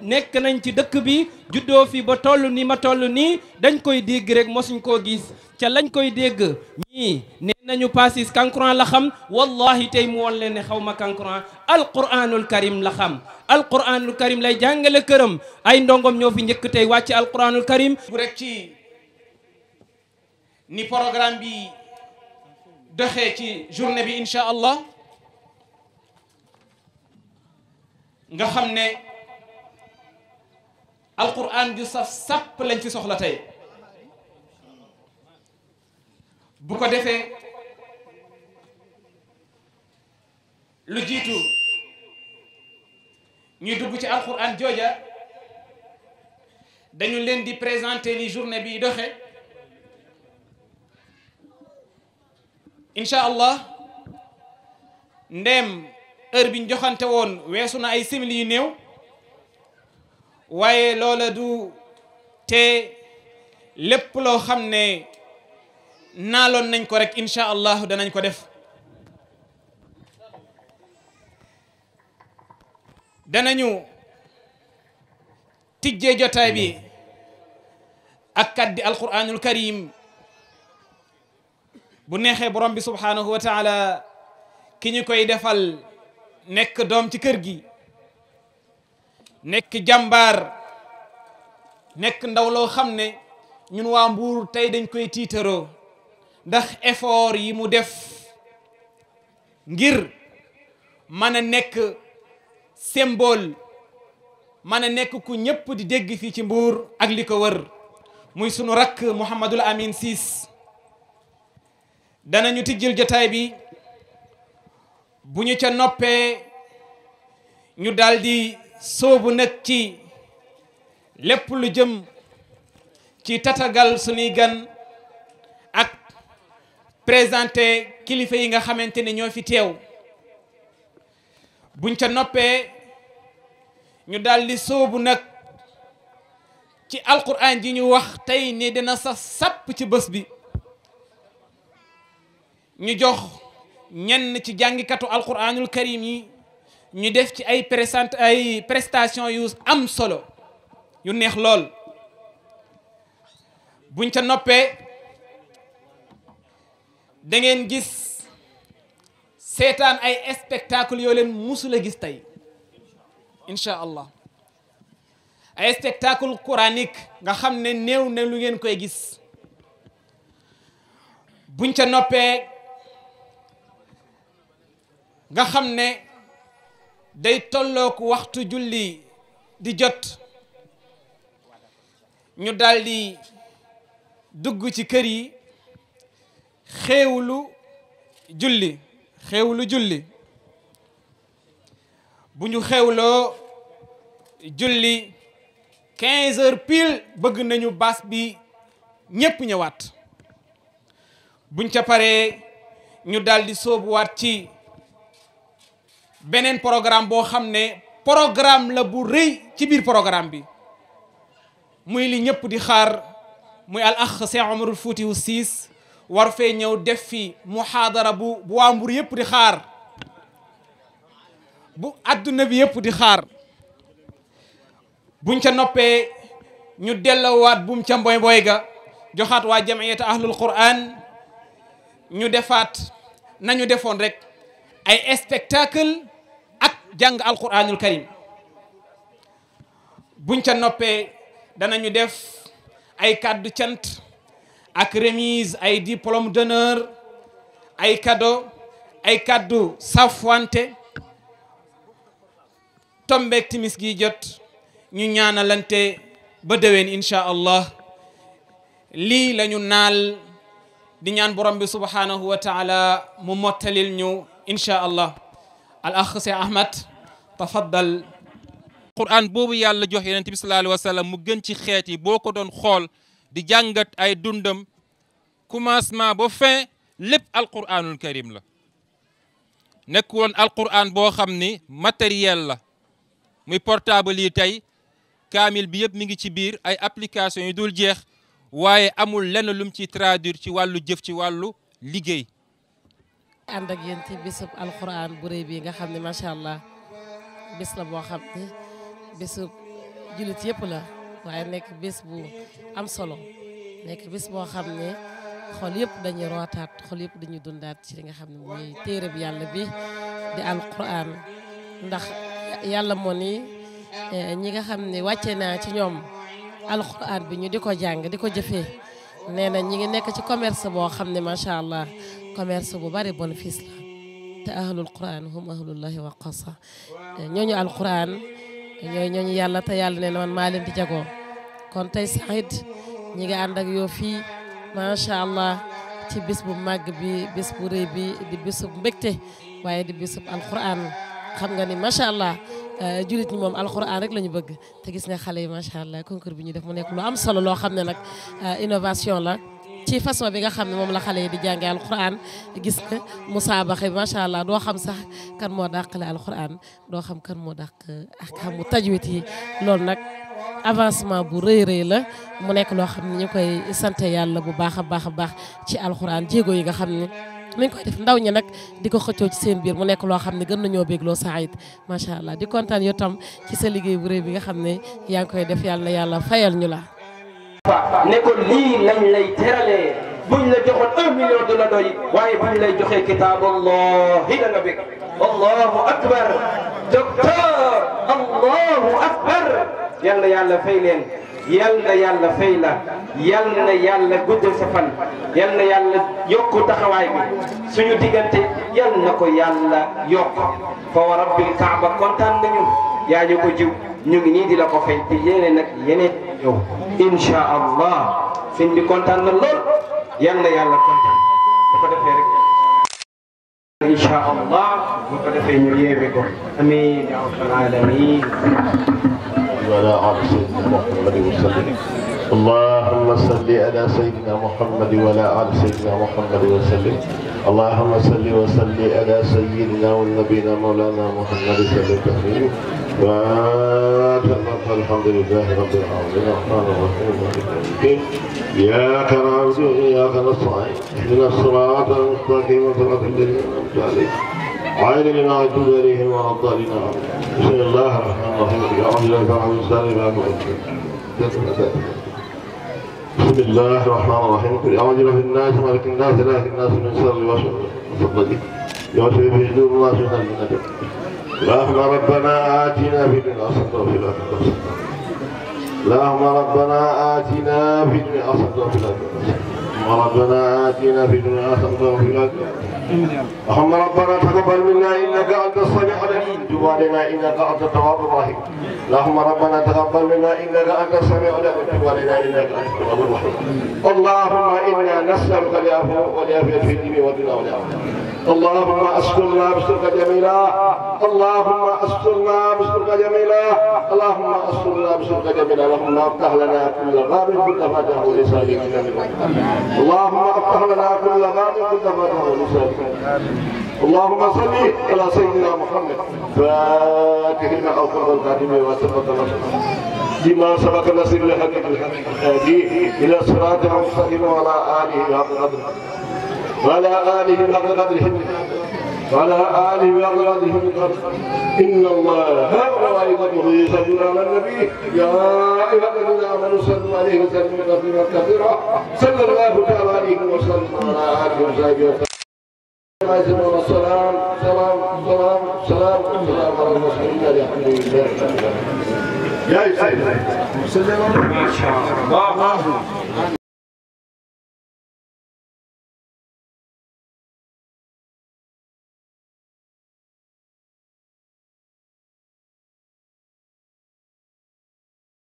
nekk nañ ci dëkk bi juddoo fi ba toll ni ma toll nii dañ koy dégg rek mosuñ koo gis ca lañ koy dégg ñii nee nañu passis kankuran la xam wallahi tey mu woon leen ne xaw ma kankuran alquranul karim la xam alquranul karim lay jàngale këram ay ndongom ñoo fi njëkk tey wàcc alquranul karim rek ci ni programme bi doxee ci journée bi incha allah nga xam ne alquran ju saf sàpp lañ fi soxla tey bu ko defee lu jiitu ñuy dugg ci alquran jooja dañu leen di présenter li journée bi doxe incha allah ndem heure bi ñu joxante woon weesu na ay simili yu néew waaye loola du te lépp loo xam ne naaloon nañ ko rek incha allah danañ ko def danañu tijjee jotaay bi ak kaddi alquranul karim bu neexee borom bi subhanahu wa ki ñu koy defal nekk doom ci kër gi nekk jàmbaar nekk ndaw loo xam ne ñun waa Mbuur tey dañ koy tiitaroo ndax effort yi mu def ngir mën a nekk symbole mën a nekk ku ñépp di dégg fii ci Mbuur ak li ko wër muy sunu rakk Mouhamadul Amin Ciss danañu tijjil jotaay bi bu ñu ca noppee ñu daldi soobu nag ci lépp lu jëm ci tatagal suñuy gan ak présenté kilifa yi nga xamante ne ñoo fi teew buñ ca noppee ñu daldi soobu nag ci alquran ji ñu wax tey ni dina sa sàpp ci bës bi ñu jox ñenn ci jàngikatu alquranul karim yi ñu def ci ay présent ay prestation yu am solo yu neex lool buñ ca noppee da ngeen gis seetaan ay spectacle yoo leen musula gis tey incha allah ay spectacle coranique nga xam ne néew ne lu ngeen koy gis buñ ca noppee nga xam ne day tolloog waxtu julli di jot ñu daldi dugg ci kër yi xéewlu julli xéewlu julli bu ñu xéewloo julli quinze heures pile bëgg nañu baas bi ñépp ñëwaat buñ ca paree ñu daldi soobuwaat ci beneen programme boo xam ne programme la bu rëy ci biir programme bi muy li ñëpp di xaar muy al ax Cheikh Omarul Foutiou Ciss war fee ñëw def fi muhaadara bu bu waa Mbour yëpp di xaar bu adduna bi yëpp di xaar buñ ca noppee ñu dellowaat buum ca mboy mboy ga joxaat waa jamiyata ahlul quran ñu defaat nañu defoon rek ay spectacle jàng alquranul karim buñ ca noppee danañu def ay kàddu cant ak remise ay diplôme d'honneur ay cadeau ay kàddu safwante tombeek timis gi jot ñu ñaanalante ba déwén incha allah lii lañu naal di ñaan borom bi subhanahu mu mottalil ñu incha allah al akh Cheikh Ahmad tafaddal quran boobu yàlla jox yonent bi sallallahu alayhi mu gën ci xeet yi boo ko doon xool di jàngat ay dundam commencement ba fin lépp alquranul karim la nekk woon alquran boo xam ni matériel la muy portable yi tey kaamil bi yëpp mi ngi ci biir ay application yu dul jeex waaye amul lenn lum ci traduire ci wàllu jëf ci wàllu liggéey ànd ak yéen ci bisub alxuraan bu rëy bii nga xam ne macha allah bis la boo xam ne bisub jullit yëpp la waaye nekk bis bu am solo nekk bis boo xam ne xol yëpp dañuy rootaat xol yëpp dañuy dundaat ci li nga xam ne mooy téereb yàlla bi di alxuraan ndax yàlla moo ni eh, ñi nga xam ne wàcce naa ci ñoom alxuraan bi ñu di ko jàng di ko jëfee nee na ñi ngi nekk ci commerce boo xam ne macha allah commerce bu bari bénéfice la te ahlul quran hum ahlullahi wa qasa ñooñu alquran ñooy ñooñu yàlla te yàlla ne man maa leen di jagoo kon tey saxit ñi nga ànd ak yow fii macha allah ci bis bu màgg bi bis bu rëy bi di bisub mbégte waaye di bu bisub alquran xam nga ni macha allah euh, julit ñi moom alquran rek la ñu bëgg te gis nga xale yi macha allah concours bi ñu def mu nekk lu am solo loo xam ne nag euh, innovation la ci façon bi nga xam ne moom la xale yi di jàngee alxuraan gis nga musaabaxa bi macha allah doo xam sax kan moo dàqale alxuraan doo xam kan moo dàq ak taj tajwit yi loolu nag avancement bu rëy rëy la mu nekk loo xam ne ñu koy sant yàlla bu baax a baax a baax ci alxuraan jéego yi nga xam ne def ndaw ñi nag di ko xëccoo ci seen biir mu nekk loo xam ne gën nañoo bégloo saa it macha allah di kontaan yow tam ci sa liggéey bu rëy bi nga xam ne yaa ngi koy def yàlla na yàlla fayal ñu la. fa ne ko lii lañ lay teralee buñ la joxoon un million du la doy waaye buñ lay joxee kitaaballahi da nga bëgg allahu akbar docteur allahu akbar yal na yàlla fay leen yal na yàlla fay la yal na yàlla guddal sa fan yal na yàlla yokku taxawaay bi suñu diggante yal na ko yàlla yokk fa wa rabbil kaaba kontaan nañu yaa ñu ko jiw ñu ngi nii di la ko fay te yéene nag yeneen yow incha allah sëñ bi kontaan na lool yal na yàlla kontaan bu ko defee rek incha allah bu ko defee ñu yéeme ko amiin ya rabbal alamin وعلى آل سيدنا محمد وسلم اللهم صل على سيدنا محمد وعلى آل سيدنا محمد وسلم اللهم صل وسلم على سيدنا ونبينا مولانا محمد صلى الله عليه وسلم فاتفق الحمد لله رب العالمين الرحمن الرحيم مالك يوم الدين اياك نعبد واياك نستعين اهدنا الصراط المستقيم صراط الذين انعمت عليهم غير المغضوب عليهم ولا الضالين بسم الله الرحمن الرحيم الحمد لله رب العالمين بسم الله الرحمن الرحيم قل اعوذ برب الناس ملك الناس اله الناس من شر الوسواس الخناس يوسوس به صدور الناس من الجنه اللهم ربنا آتنا في الدنيا حسنة وفي الآخرة حسنة اللهم ربنا آتنا في الدنيا حسنة وفي الآخرة حسنة ربنا آتنا في الدنيا حسنة وفي الآخرة حسنة اللهم ربنا تقبل منا انك انت السميع العليم تب علينا انك انت التواب الرحيم اللهم ربنا تقبل منا انك انت السميع العليم تب علينا انك انت التواب الرحيم اللهم انا نسالك العفو والعافيه في الدين والدنيا والاخره اللهم استرنا بسترك جميلا اللهم استرنا بسترك جميلا اللهم استرنا بسترك جميلا اللهم افتح لنا كل غاب كنت فاتحه لسانك اللهم افتح لنا كل غاب كنت فاتحه لسانك اللهم صل على سيدنا محمد فاتح لما أوفق الخاتم وسبق بما سبق نصير لحق الهادي إلى صراط مستقيم وعلى آله حق قدره وعلى آله حق قدره وعلى آله وأولاده إن الله وملائكته يصلون على النبي يا أيها الذين آمنوا صلوا عليه وسلموا تسليما كثيرا صلى الله تعالى عليه وسلم وعلى آله وصحبه وسلم القاسم والسلام سلام سلام سلام سلام على المرسلين الحمد لله يا سيدي ما شاء الله